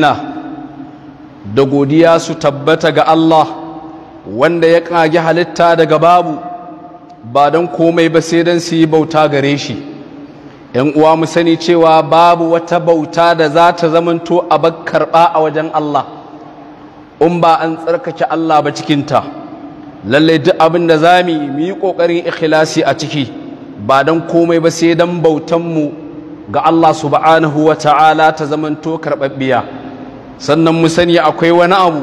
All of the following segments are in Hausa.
jinjina da godiya su tabbata ga Allah wanda ya ƙage halitta daga babu ba don komai ba sai don su yi bauta gare shi ‘yan uwa mu sani cewa babu wata bauta da za ta zamanto a karɓa a wajen Allah in ba an tsarkake Allah ba cikinta lallai duk abin da za mu yi ƙoƙarin ikhlasi a ciki ba don komai ba sai don bautanmu ga Allah subhanahu wa ta'ala ta zamanto karɓaɓɓiya sannan mu sani akwai wani abu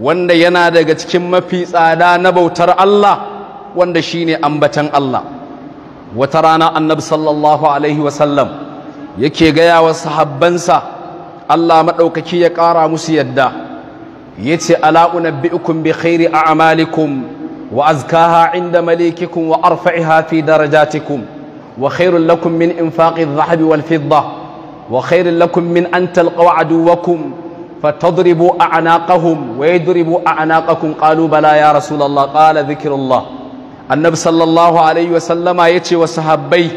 wanda yana daga cikin mafi tsada na bautar Allah wanda shine ambatan Allah wata rana annabi sallallahu alaihi wasallam yake gaya wa sahabbansa Allah maɗaukaki ya ƙara musu yadda ya ce ala unabbi'ukum bi khairi a'malikum wa azkaha inda malikikum wa arfa'iha fi darajatikum wa khairul lakum min infaqi dhahabi wal fidda wa khairul lakum min an talqaw aduwakum فتضربوا أعناقهم ويضربوا أعناقكم قالوا بلى يا رسول الله قال ذكر الله النبي صلى الله عليه وسلم يتي وصحابي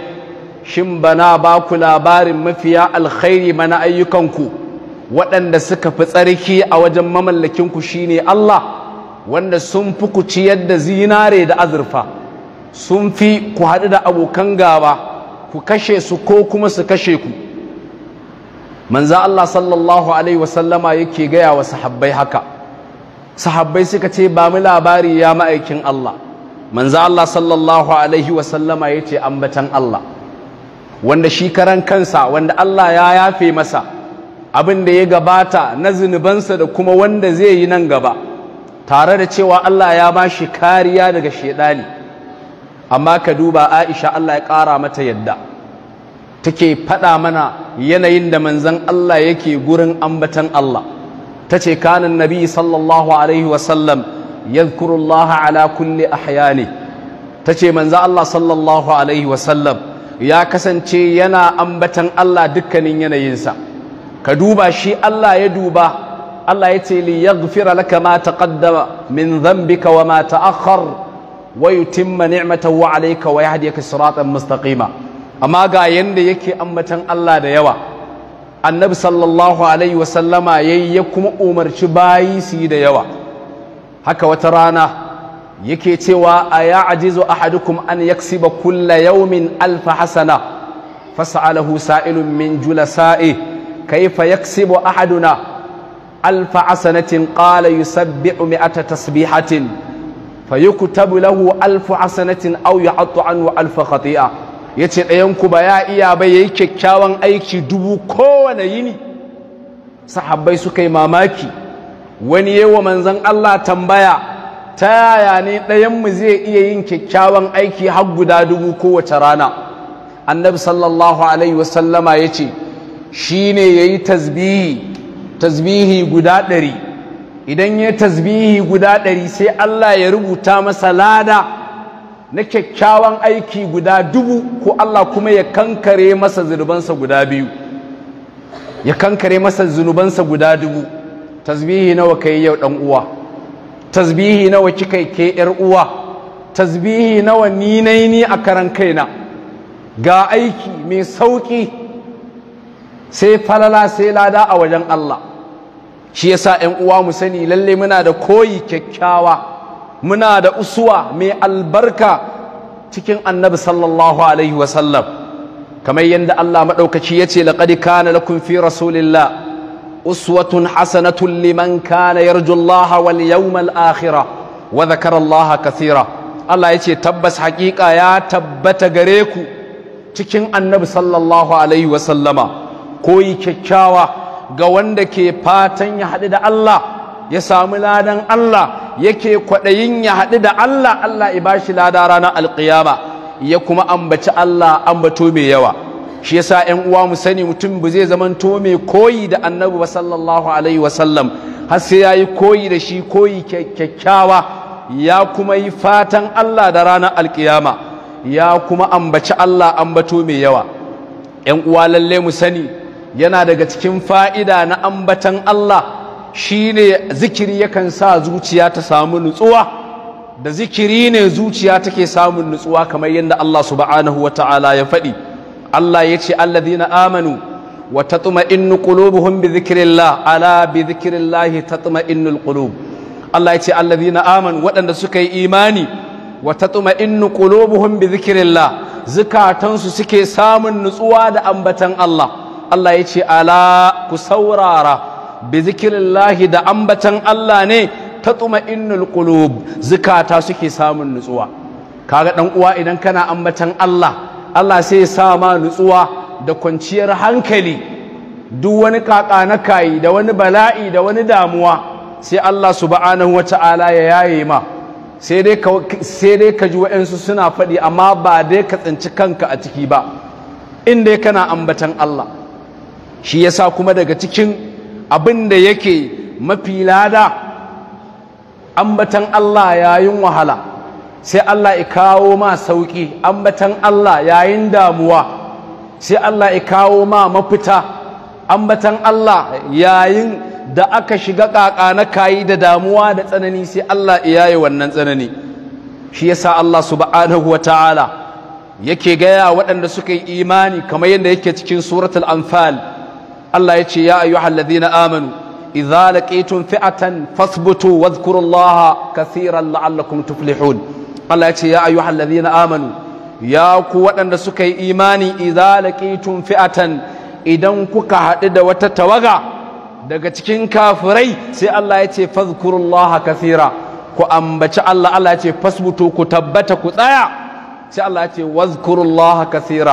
shin bana ba ku labarin mafiya alkhairi ba mana ayyukanku waɗanda suka fi tsarki a wajen mamallakinku shine Allah wanda sun fi ku ciyar da zinare da azurfa sun fi ku haɗu da abokan gaba ku kashe su ko kuma su kashe ku manza Allah sallallahu alaihi wasallama yake gaya wa sahabbai haka sahabbai suka ce ba mu labari ya ma'aikin Allah manza Allah sallallahu alaihi wasallama yace ambatan Allah wanda shi karan kansa wanda Allah ya yafe masa abin da ya gabata na zunubansa da kuma wanda zai yi nan gaba tare da cewa Allah ya ba shi kariya daga shedani amma ka duba Aisha Allah ya ƙara mata yadda take faɗa mana yanayin da manzan Allah yake gurin ambatan Allah ta ce kanin nabi sallallahu alaihi wasallam yadhkuru Allah ala kulli ahyani ta ce manzan Allah sallallahu alaihi wasallam ya kasance yana ambatan Allah dukkanin yanayinsa ka duba shi Allah ya duba Allah ya ce li yaghfira laka ma ƙaddama min dhanbika wa ma ta'akhkhar wa yutimma ni'matahu alayka wa yahdiyaka siratan mustaqima amma ga yanda yake ambatan Allah da yawa annabi sallallahu alaihi wasallama yayi ya kuma umarci bayi su yi da yawa haka wata rana yake cewa a ya'jizu ahadukum an yaksiba kulla yawmin alfa hasana fas'alahu sa'ilun min julasa'i kayfa yaksibu ahaduna alfa hasanatin qala yusabbihu mi'ata tasbihatin fayuktabu lahu alfu hasanatin aw yu'attu anhu alfa khati'a ya ce ɗayanku ba ya iya ba ya yi kyakkyawan aiki dubu kowane yini sahabbai suka yi mamaki wani yi wa manzan Allah tambaya ta yaya ne ɗayanmu zai iya yin kyakkyawan aiki har guda dubu kowace rana annabi sallallahu alaihi wasallama ya ce shi ne ya yi tasbihi tasbihi guda ɗari idan ya tasbihi guda ɗari sai Allah ya rubuta masa lada na kyakkyawan aiki guda dubu ko Allah kuma ya kankare masa zunubansa guda biyu ya kankare masa zunubansa guda dubu tasbihi nawa kai yau dan uwa tasbihi nawa kika ke yar uwa tasbihi nawa ni nayi ni a karan kaina ga aiki mai sauki sai falala sai lada a wajen Allah shi yasa 'yan uwa mu sani lalle muna da koyi kyakkyawa muna da usuwa mai albarka cikin annabi sallallahu alaihi wasallam kamar yadda Allah maɗaukaci ya ce laƙadi kana lakum fi rasulillah uswatun hasanatun liman kana yarju Allah wal yawmal akhirah wa dhakara Allah kathira Allah yace tabbas haƙiƙa ya tabbata gare ku cikin annabi sallallahu alaihi wasallama koyi kyakkyawa ga wanda ke fatan ya haɗu da Allah ya samu ladan Allah yake kwaɗayin ya haɗu da Allah Allah ya bashi lada ranar alƙiyama ya kuma ambaci Allah ambato mai yawa shi yasa 'yan uwa mu sani mutum ba zai zamanto mai koyi da annabi ba sallallahu alaihi wasallam har sai yayi koyi da shi koyi kyakkyawa ya kuma yi fatan Allah da ranar alƙiyama ya kuma ambaci Allah ambato mai yawa 'yan uwa lalle mu sani yana daga cikin fa'ida na ambatan Allah shine zikiri yakan sa zuciya ta samu nutsuwa da zikiri ne zuciya take samun nutsuwa kamar yadda Allah subhanahu wata'ala ya faɗi Allah ya ce alladhina amanu wa tatma'innu qulubuhum bi dhikrillah ala bi dhikrillah tatma'innul qulub Allah ya ce alladhina amanu waɗanda suka yi imani wa tatma'innu qulubuhum bi dhikrillah zukatansu suke samun nutsuwa da ambatan Allah Allah ya ce ala ku saurara bi lahi da ambatan Allah ne ta tsuma innul qulub zikata suke samun nutsuwa kaga ɗan uwa idan kana ambatan Allah Allah sai sa ma nutsuwa da kwanciyar hankali duk wani kaka na kayi, da wani bala'i da wani damuwa sai Allah su subhanahu ta'ala ya yaye ma sai dai ka sai dai ka ji wa'ansu suna faɗi amma ba dai ka tsinci kanka a ciki ba Inda dai kana ambatan Allah shi yasa kuma daga cikin Abin da yake mafi lada ambatan Allah yayin wahala sai Allah ya kawo ma sauki ambatan Allah yayin damuwa sai Allah ya kawo ma mafita ambatan Allah yayin da aka shiga ƙaƙa na kayi da damuwa da tsanani sai Allah ya yi wannan tsanani shi yasa Allah subhanahu wataala yake gaya waɗanda suka yi imani kamar yadda yake cikin suratul anfal Allah ya ce ya ayyuhal ladina amanu idza laqitum fi'atan fasbutu wadhkurullaha kaseeran la'allakum tuflihun Allah ya ce ya ayyuhal ladina amanu ya ku waɗanda suka yi imani idza laqitum fi'atan idan kuka haɗu da wata tawaga daga cikin kafirai sai Allah ya ce fadhkurullaha kaseera ku ambaci Allah Allah ya ce fasbutu ku tabbata ku tsaya sai Allah ya ce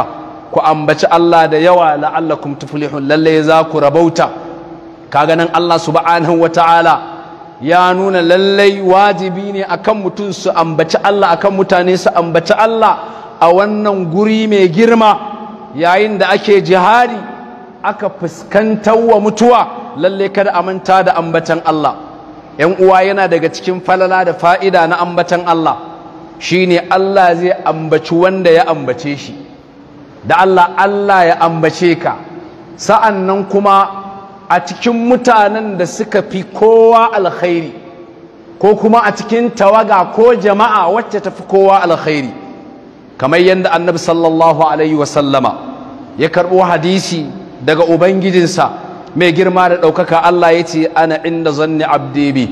ku ambaci Allah da yawa la'allakum tuflihun lalle za ku rabauta kaga nan Allah subhanahu wata'ala ya nuna lallai wajibi ne akan mutum su ambaci Allah akan mutane su ambaci Allah a wannan guri mai girma yayin da ake jihadi aka fuskantar wa mutuwa Lallai kada a manta da ambatan Allah yan uwa yana daga cikin falala da fa'ida na ambatan Allah shine Allah zai ambaci wanda ya ambace shi da Allah Allah ya ambace ka sa'an nan kuma a cikin mutanen da suka fi kowa alkhairi ko kuma a cikin tawaga ko jama'a wacce ta fi kowa alkhairi kamar yadda annabi sallallahu alaihi wasallama ya karɓo hadisi daga ubangijinsa mai girma da ɗaukaka Allah ya ce ana inda zanni abdi bi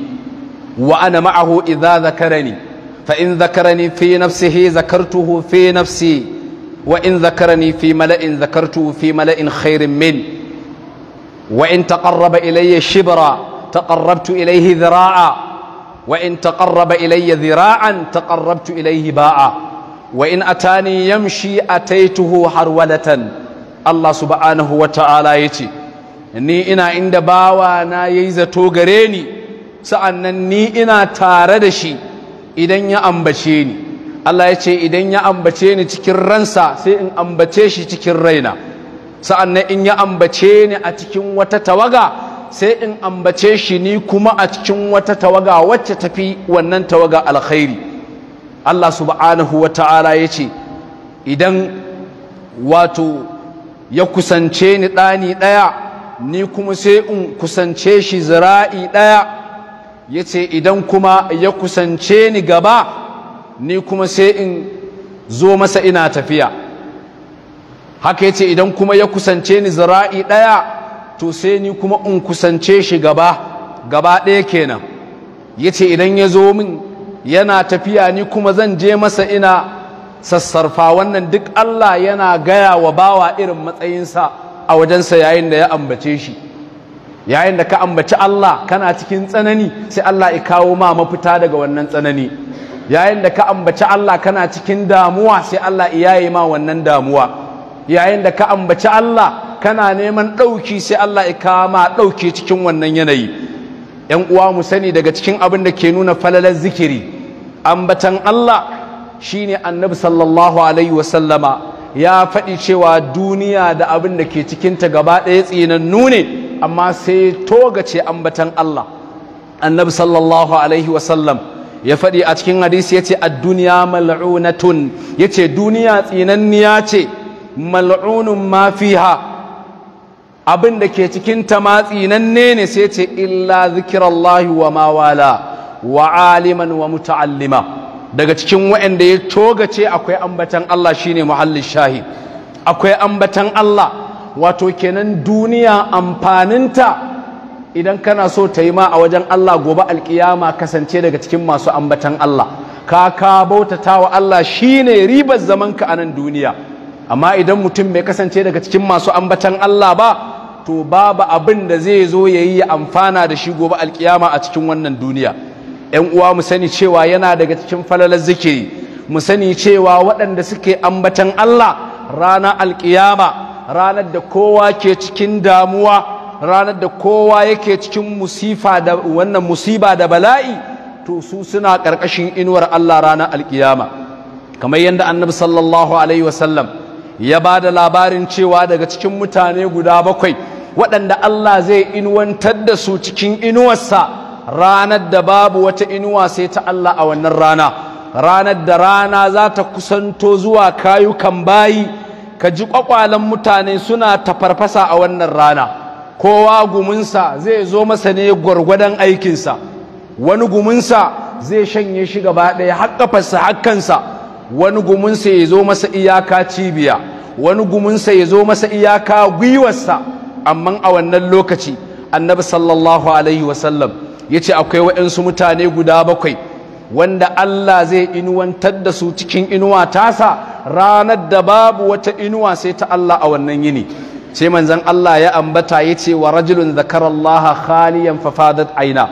wa ana ma'ahu idza zakarani fa in zakarani fi nafsihi zakartuhu fi nafsi Wa'in in zakarani fi mala'in zakartu fi mala'in khairin min wa in taqarraba ilayya shibra taqarrabtu ilayhi dhira'a wa in taqarraba ilayya dhira'an taqarrabtu ilayhi ba'a Wa'in in atani yamshi har walatan. Allah subhanahu wa ta'ala yace ni ina inda bawa na yayi zato gare ni sa'annan ni ina tare da shi idan ya ambace ni Allah ya ce idan ya ambace ni cikin ransa sai in ambace shi cikin raina sa'annan in ya ambace ni a cikin wata tawaga sai in ambace shi ni kuma a cikin wata tawaga wacce tafi wannan tawaga alkhairi Allah subhanahu wa ta'ala ya ce idan wato ya kusance ni ɗani ɗaya ni kuma sai in kusance shi zira'i ɗaya ya ce idan kuma ya kusance ni gaba ni kuma sai in zo masa ina tafiya haka yace idan kuma ya kusance ni zira'i daya to sai ni kuma in kusance shi gaba gaba daya kenan yace idan ya zo min yana tafiya ni kuma zan je masa ina sassarfa wannan duk Allah yana gaya wa bawa irin matsayinsa a wajensa yayin da ya ambace shi yayin da ka ambaci Allah kana cikin tsanani sai Allah ya kawo ma mafita daga wannan tsanani yayin da ka ambaci Allah kana cikin damuwa sai Allah iya yi ma wannan damuwa yayin da ka ambaci Allah kana neman ɗauki sai Allah ya kama ɗauki cikin wannan yanayi ‘yan uwa mu sani daga cikin abin da ke nuna falalar zikiri ambatan Allah shine annabi sallallahu alaihi wasallama ya faɗi cewa duniya da abin da ke cikinta gaba ɗaya tsinannu ne amma sai toga ce ambatan Allah annabi sallallahu alaihi sallam. ya faɗi a cikin hadisi ya ce ad-duniya mal'unatun ya ce duniya tsinanniya ce mal'unun ma ha. abin da ke cikin ta ma tsinanne ne sai ce illa zikirallahi wa mawala wa aliman wa muta'allima daga cikin waɗanda ya ce akwai ambatan Allah shine muhallin shahi akwai ambatan Allah wato kenan duniya amfaninta idan kana so ta yi ma a wajen Allah gobe alkiyama kasance daga cikin masu ambatan Allah ka ka bautata wa Allah shine ribar zamanka a nan duniya amma idan mutum bai kasance daga cikin masu ambatan Allah ba to babu abin da zai zo ya yi ya amfana da shi gobe alkiyama a cikin wannan duniya yan uwa mu sani cewa yana daga cikin falalar zikiri mu sani cewa waɗanda suke ambatan Allah rana alkiyama ranar da kowa ke cikin damuwa ranar da kowa yake cikin musifa da wannan musiba da bala'i to su suna ƙarƙashin inuwar Allah ranar alƙiyama kamar yadda annabi sallallahu alaihi wasallam ya ba da labarin cewa daga cikin mutane guda bakwai waɗanda Allah zai inuwantar da su cikin inuwarsa ranar da babu wata inuwa sai ta Allah a wannan rana ranar da rana za ta kusanto zuwa kayukan bayi ka ji ƙwaƙwalen mutane suna tafarfasa a wannan rana kowa guminsa zai zo masa ne gwargwadon aikinsa wani guminsa zai shanye shi gaba ɗaya haƙƙafarsa hakkansa wani guminsa ya zo masa iyaka cibiya wani guminsa ya zo masa iyaka gwiwarsa amma a wannan lokaci annabi sallallahu alaihi wasallam ya ce akwai waɗansu mutane guda bakwai wanda Allah zai inuwantar da su cikin inuwa tasa ranar da babu wata inuwa sai ta Allah a wannan yini sai manzan Allah ya ambata ya ce wa rajulun Allah khaliyan fafadat aina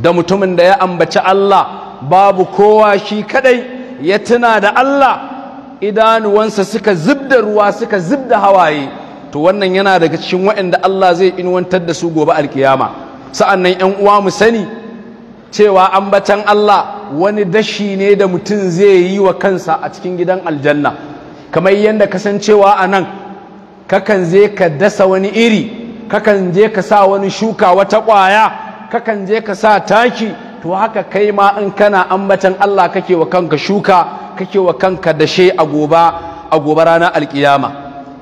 da mutumin da ya ambaci Allah babu kowa shi kadai ya tuna da Allah idanuwansa suka zub da ruwa suka zub da hawaye to wannan yana daga cikin waɗanda Allah zai inuwantar da su gobe alkiyama sa'annan 'yan uwa mu sani cewa ambatan Allah wani dashi ne da mutum zai yi wa kansa a cikin gidan aljanna kamar yadda kasancewa a nan kakan je ka dasa wani iri kakan je ka sa wani shuka wata ƙwaya kakan je ka sa taki to haka kai ma in kana ambatan Allah kake wa kanka shuka kake wa kanka dashe a goba a gobe ranar alkiyama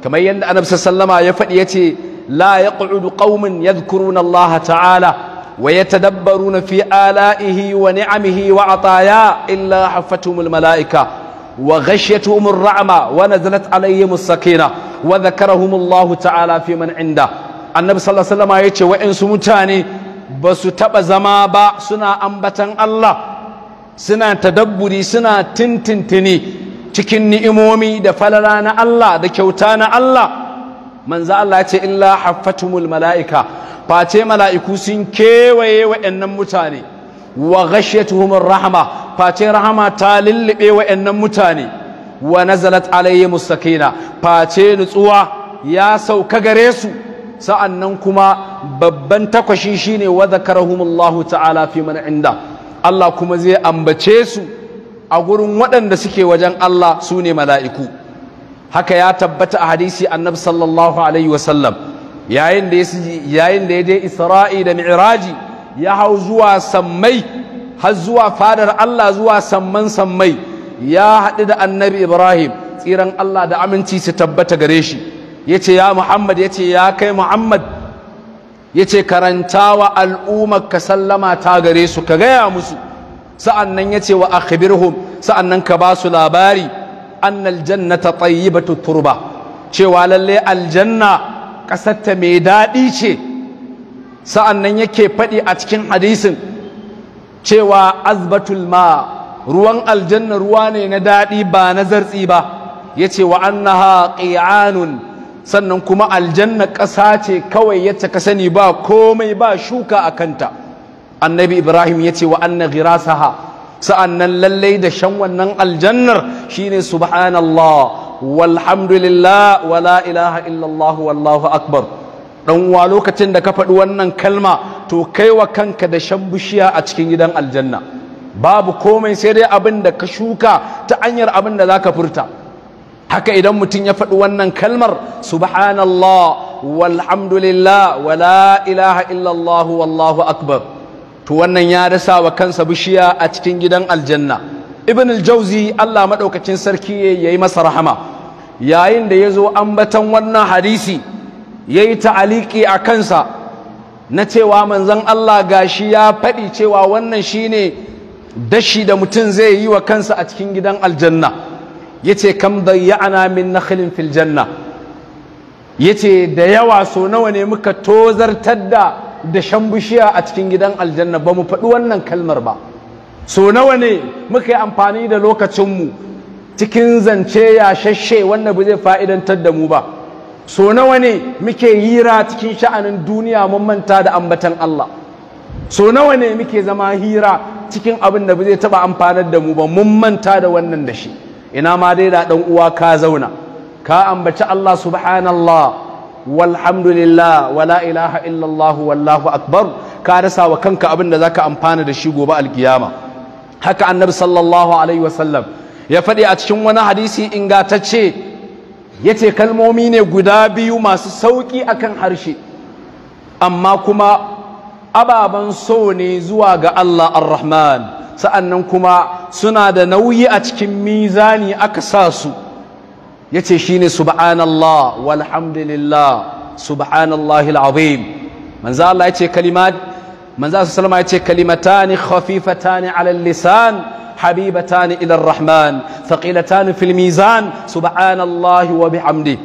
kamar yadda annabi sallama ya faɗi yace la yaq'udu qaumun yadhkuruna Allah ta'ala wa yatadabbaruna fi ala'ihi wa ni'amihi wa ataya illa hafatumul mala'ika وغشيتهم الرعمة ونزلت عليهم السكينة وذكرهم الله تعالى في من عنده النبي صلى الله عليه وسلم يتي وإن سمتاني بس تبا زمابا سنا أنبتن الله سنا تدبري سنا تنتنتني cikin ni'imomi da falala na Allah da kyauta na Allah manzo Allah ya ce illa haffatumul mala'ika face mala'iku sun kewaye wa'annan mutane wa tuhumar rahma face rahama ta lullube wayannan mutane wa nazalat alayhim sakina face nutsuwa ya sauka gare su sa'annan kuma babban takwashi shine wa zakarahumullahu ta'ala fi man inda Allah kuma zai ambace su a gurin waɗanda suke wajen Allah su ne mala'iku haka ya tabbata a hadisi annabi sallallahu alaihi wasallam yayin da ya je isra'i da mi'raji ya hau zuwa sammai har zuwa fadar Allah zuwa samman sammai ya haɗu da annabi Ibrahim tsiran Allah da aminci su tabbata gare shi ya ce ya Muhammad ya ce ya kai Muhammad ya ce karanta wa al'ummar ka sallama ta gare su ka gaya musu sa'an nan ya ce wa akhbirhum sa'an nan ka ba su labari annal jannata tayyibatu turba cewa lalle aljanna ƙasarta mai daɗi ce sa'an nan yake faɗi a cikin hadisin cewa azbatul ma ruwan aljanna ruwa ne na daɗi ba na zartsi ba ya ce wa annaha qi'anun sannan kuma aljanna ƙasa ce kawai yacce ka sani ba komai ba shuka a kanta annabi ibrahim ya ce wa anna ghirasaha sa'an nan lallai da shan wannan aljannar shine subhanallah walhamdulillah wala ilaha illallah wallahu akbar uwa lokacin da ka faɗi wannan kalma to kai wa kanka da shan bishiya a cikin gidan aljanna babu komai sai dai abin da ka shuka ta hanyar abin da za ka furta haka idan mutum ya faɗi wannan kalmar subhanallah walhamdulillah wala ilaha illallah wallahu akbar to wannan ya rasa wa kansa bishiya a cikin gidan aljanna ibn al Allah maɗaukacin sarki yayi masa rahama yayin da ya zo ambatan wannan hadisi ya yi ta'aliki a kansa na cewa manzan Allah gashi ya faɗi cewa wannan shine dashi da mutum zai yi wa kansa a cikin gidan aljanna ya ce kam ya'ana min na fil filjanna, ya ce da yawa so nawa ne muka tozartar da dashen bishiya a cikin gidan aljanna ba mu faɗi wannan kalmar ba so nawa ne muka yi amfani da lokacinmu cikin zance yashashe wannan ba zai fa'idantar da mu ba so nawa ne muke hira cikin sha'anin duniya mun manta da ambatan Allah so nawa ne muke zama hira cikin abin da ba zai taba amfanar da mu ba mun manta da wannan da shi ina ma dai da dan uwa ka zauna ka ambaci Allah subhanallah walhamdulillah wala ilaha illallah wallahu akbar ka rasa wa kanka abin da zaka amfana da shi gobe alkiyama haka annabi sallallahu alaihi wasallam ya faɗi a cikin wani hadisi ingantacce ya ce kalmomi ne guda biyu masu sauƙi akan harshe amma kuma ababen so ne zuwa ga Allah ar-Rahman sa'annan kuma suna da nauyi a cikin mizani aka sa su ya ce shi ne subhanallah walhamdulillah subhanallahil azim manzo Allah ya ce kalimat manzo salama ya ce kalimatani khafifatani ala lisan حبيبتان إلى الرحمن ثقيلتان في الميزان سبحان الله وبحمده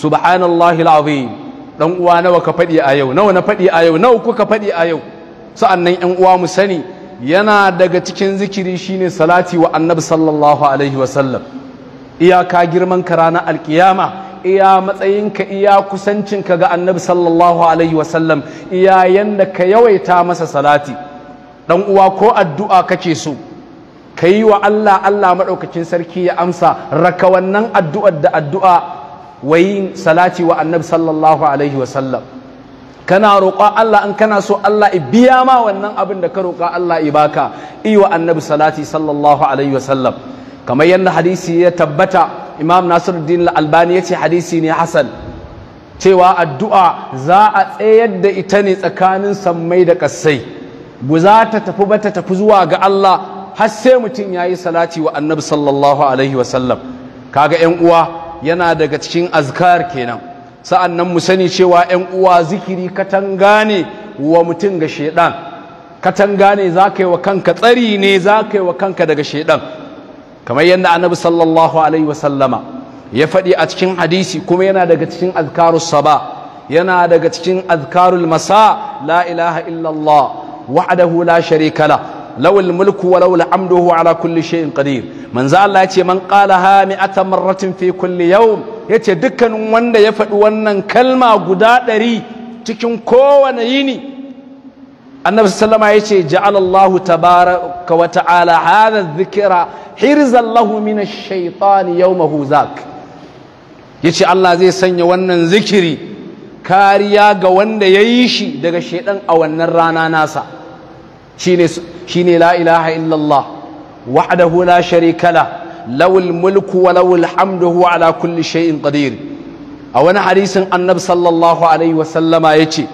سبحان الله العظيم dan uwa nawa ka faɗi a yau nawa na faɗi a yau nawa kuka faɗi a yau sa'annan 'yan uwa mu sani yana daga cikin zikiri shine salati wa annabi sallallahu alaihi wa sallam iyaka girman ka ranar alkiyama iya matsayinka iya kusancinka ga annabi sallallahu alaihi wasallam iya yanda ka yawaita masa salati dan uwa ko addu'a kake so ka yi wa Allah Allah maɗaukacin sarki ya amsa raka wannan addu'ar da addu'a wa yin salati wa annabi sallallahu alaihi sallam kana roƙa Allah in kana so Allah i biya ma wannan abin da ka roƙa Allah i baka i wa annabi salati sallallahu alaihi sallam kamar yadda hadisi ya tabbata imam nasiruddin al-albani ya ce hadisi ne hasan cewa addu'a za a tsayar da ita ne tsakanin sammai da kassai ba ta tafi ba ta tafi zuwa ga Allah har sai mutum yayi salati wa annabi sallallahu alaihi wasallam kaga yan uwa yana daga cikin azkar kenan sa'annan mu sani cewa yan uwa zikiri katanga ne wa mutum ga shedan katanga ne zaka yi wa kanka tsari ne zaka yi wa kanka daga shedan kamar yadda annabi sallallahu alaihi wasallama ya faɗi a cikin hadisi kuma yana daga cikin azkarus saba yana daga cikin azkarul masa la ilaha illallah wahdahu la sharika la lawal mulku wa lawal amduhu ala kulli shay'in qadir manzo Allah yace ce man qala ha mi'ata marratin fi kulli yawm yace dukkanin wanda ya faɗi wannan kalma guda ɗari cikin kowane yini annabi sallama yace ja'ala Allah tabaraka wa ta'ala hadha dhikra hirzan lahu min ash-shaytan yawmahu zak yace Allah zai sanya wannan zikiri kariya ga wanda ya yi shi daga shaidan a wannan rana nasa shine la ilaha illallah wahdahu la sharika la lawul mulku wa lawul hamdu huwa ala kulli shay'in qadir a wani hadisin annab sallallahu alaihi wa sallama yace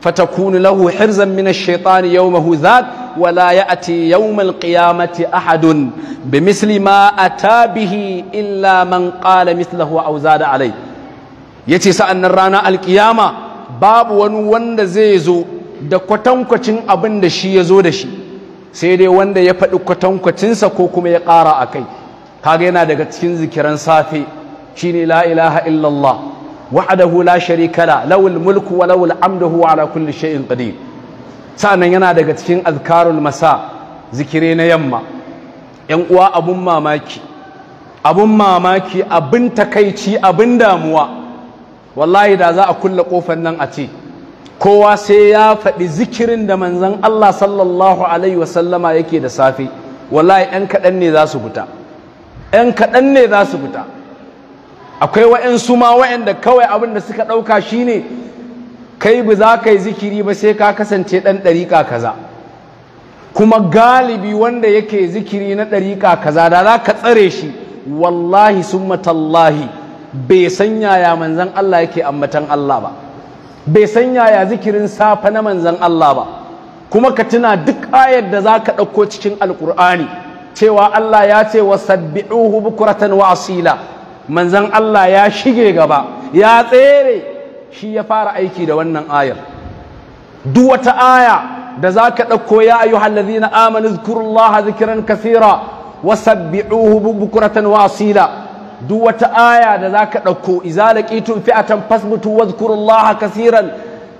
fatakunu lahu hirzan min ash-shaytani yawmahu zat wa la ya'ti yawm al-qiyamati ahadun bimithli ma ata bihi illa man qala mithlahu aw zada alayhi yace sa'annan rana al-qiyama babu wani wanda zai zo da kwatankwacin abin da shi ya zo da shi sai dai wanda ya faɗi kwatankwacinsa ko kuma ya ƙara a kai kaga yana daga cikin zikiran safe shine la ilaha illallah wahdahu la sharika la lawul mulku wa lawul amdu ala kulli shay'in qadir sa'annan yana daga cikin azkarul masa zikire na yamma yan uwa abun mamaki abun mamaki abin takaici abin damuwa wallahi da za a kulle kofar nan a ce kowa sai ya faɗi zikirin da manzan Allah sallallahu alaihi wasallama yake da safe wallahi 'yan kaɗan ne za su fita Yan kaɗan ne za su fita akwai wa'yansu ma wa'yanda kawai abin da suka ɗauka shi ne, kai ba za ka yi zikiri ba sai ka kasance ɗan ɗariƙa kaza kuma galibi wanda yake zikiri na ɗariƙa kaza da za ka tsare shi wallahi sun matallahi bai san yaya manzan Allah yake ammatan Allah ba bai san yaya zikirin safe na manzan Allah ba kuma ka tuna duk ayar da za ka ɗauko cikin alkur'ani cewa Allah ya ce wa sabbi'uhu bukuratan wa asila manzan Allah ya shige gaba ya tsere shi ya fara aiki da wannan ayar duk wata aya da za ka ɗauko ya ayyuhal ladhina amanu zkurullaha zikran kathira wa sabbi'uhu bukuratan wa asila duk wata aya da za ka ɗauko izalar ƙitun fi'atan fasmutu wazkurullah kasiran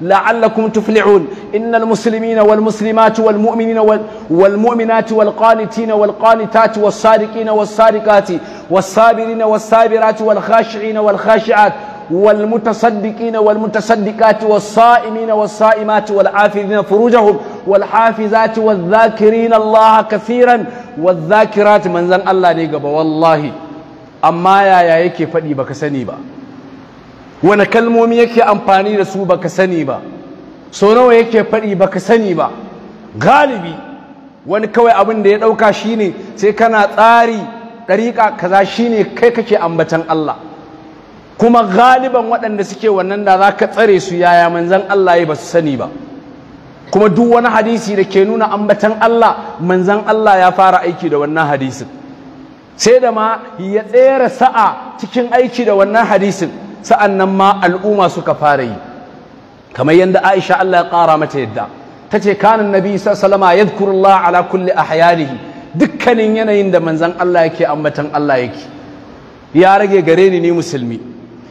la'allakum tuflihun innal muslimina wal muslimati wal mu'minina wal mu'minati wal qanitina wal qanitati was sadiqina was sadiqati was sabirina was sabirati wal khashi'ina wal khashi'at wal mutasaddiqina wal mutasaddiqati was sa'imina was sa'imati wal 'afidina furujahum wal hafizati wadh-dhakirina Allah katiran wadh-dhakirat manzan Allah ne gaba wallahi amma yaya yake faɗi baka sani ba wani kalmomi yake amfani da su baka sani ba so nawa yake faɗi baka sani ba galibi wani kawai abin da ya ɗauka shine sai kana tsari ɗariƙa kaza shine kai kake ambatan Allah kuma galiban waɗanda suke wannan da za ka tsare su yaya manzan Allah ya ba su sani ba kuma duk wani hadisi da ke nuna ambatan Allah manzan Allah ya fara aiki da wannan hadisin sai da ma ya tsere sa'a cikin aiki da wannan hadisin sa'an nan ma al'umma suka fara yi kamar yadda Aisha Allah ya ƙara mata yadda ta ce kanin nabi sallama yadhkurullah ala kulli ahyanihi dukkanin yanayin da manzan Allah yake ambatan Allah yake ya rage gare ni ni musulmi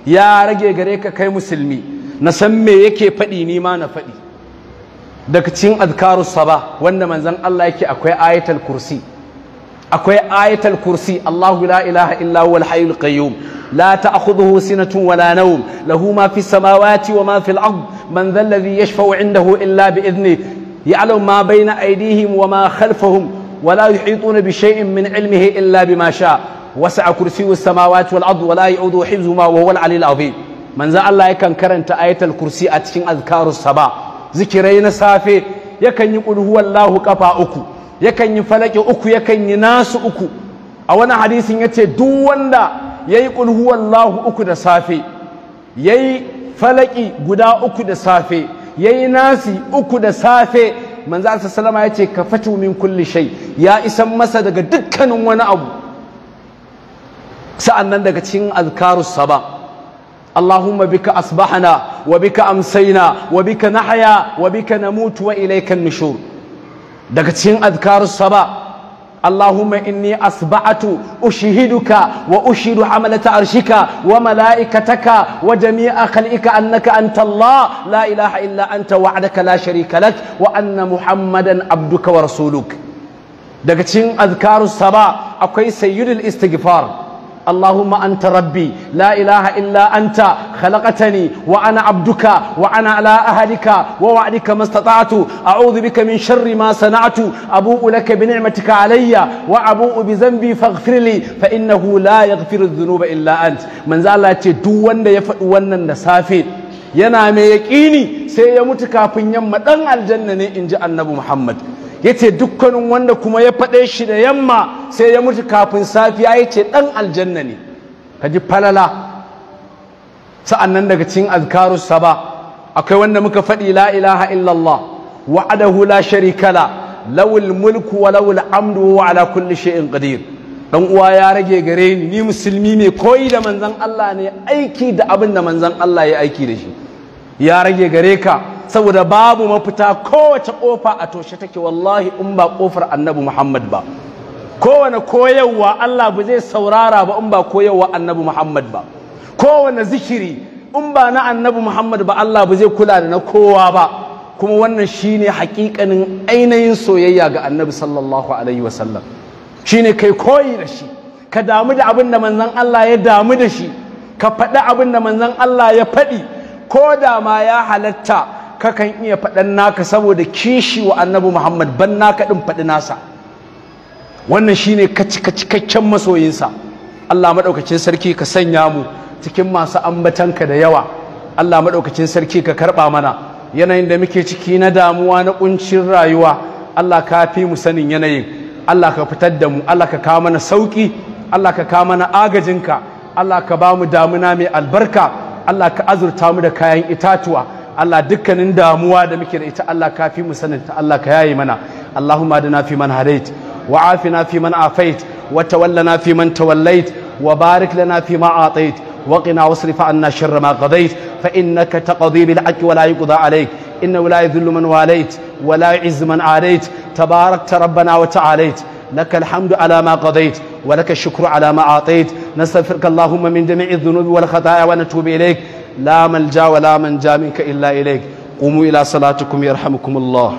ya rage gare ka kai musulmi na san me yake faɗi ni ma na faɗi daga cikin azkarus saba wanda manzan Allah yake akwai ayatul kursi akwai ayatul kursi Allahu la ilaha illa huwal hayyul qayyum la ta'khudhuhu sinatun wala nawm lahu ma fis samawati wama fil ard man dhal ladhi yashfa'u 'indahu illa bi idhnihi ya'lamu ma baina aydihim wama khalfahum wala yuhituna bi shay'in min 'ilmihi illa bima sha'a wasa'a kursiyyu samawati wal ard wala ya'uduhu hifzuhuma wa huwal 'aliyyul 'azhim man za Allah yakan karanta ayatul kursi a cikin azkarus sabah zikirai na safe yakan yi qul huwallahu qafa uku yakan yi falaki uku yakan yi nasu uku a wani hadisin yace duk wanda yayi yi huwallahu uku da safe yayi falaki guda uku da safe yayi nasi uku da safe manzo Allah ya yace ka fatu min kulli shay ya isan masa daga dukkanin wani abu sa'annan daga cikin azkarus sabah اللهم بك أصبحنا وبك أمسينا وبك نحيا وبك نموت وإليك النشور daga cikin azkaru saba اللهم إني أصبعت أشهدك وأشهد حملة عرشك وملائكتك وجميع خلقك أنك أنت الله لا إله إلا أنت وعدك لا شريك لك وأن محمدا عبدك ورسولك دقتين أذكار الصباح أكوي سيد الاستغفار اللهم أنت ربي لا إله إلا أنت خلقتني وأنا عبدك وأنا على أهلك ووعدك ما استطعت أعوذ بك من شر ما صنعت أبوء لك بنعمتك علي وأبوء بذنبي فاغفر لي فإنه لا يغفر الذنوب إلا أنت من زال الله تدوان يفعوان النسافين yana mai yaƙini sai ya mutu kafin yamma ɗan aljanna ne in ji annabi muhammad Yace dukkanin wanda kuma ya faɗe shi da yamma sai ya mutu kafin safiya Yace ɗan aljanna ne ka ji falala sa'annan daga cikin azkaru saba akwai wanda muka faɗi la ilaha illallah wa'adahu la sharika kala lawul mulku wa lawul amdu wa ala kulli shay'in qadir dan uwa ya rage gare ni ni musulmi ne koyi da manzon Allah ne aiki da abin da manzon Allah ya aiki da shi ya rage gare ka saboda babu mafita kowace kofa a toshe take wallahi in ba kofar annabi Muhammad ba kowane koyarwa Allah ba zai saurara ba in ba koyarwa annabi Muhammad ba kowane zikiri in ba na annabi Muhammad ba Allah ba zai kula da na kowa ba kuma wannan shine hakikanin ainihin soyayya ga annabi sallallahu alaihi wasallam shine kai koyi da shi ka damu da abin da manzon Allah ya damu da shi ka faɗi abin da manzon Allah ya faɗi ko da ma ya halatta kakan iya faɗan naka saboda kishi wa annabi muhammad ban naka ɗin faɗi nasa wannan shine kacikacikakken masoyinsa allah maɗaukacin sarki ka sanya mu cikin masu ambatanka da yawa allah maɗaukacin sarki ka karɓa mana yanayin da muke ciki na damuwa na ƙuncin rayuwa allah ka fi mu sanin yanayin allah ka fitar da mu allah ka kawo mana sauƙi allah ka kawo mana agajinka allah ka ba mu damuna mai albarka allah ka azurta mu da kayan itatuwa Allah dukkanin damuwa da muke da ita Allah ka fi mu ta Allah ka yayi mana Allahumma adina fi man hadait wa afina fi man afait wa tawallana fi man tawallait wa barik lana fi ma atait wa qina wasrif anna sharra ma qadait fa innaka taqdi bil haqqi wa la yuqda alayk inna la yadhillu man walait wa la yu'izzu man adait tabarakta rabbana wa ta'alait لك الحمد على ما قضيت ولك الشكر على ما أعطيت نستغفرك اللهم من جميع الذنوب والخطايا ونتوب إليك لا ملجا من ولا منجا منك إلا إليك قوموا إلى صلاتكم يرحمكم الله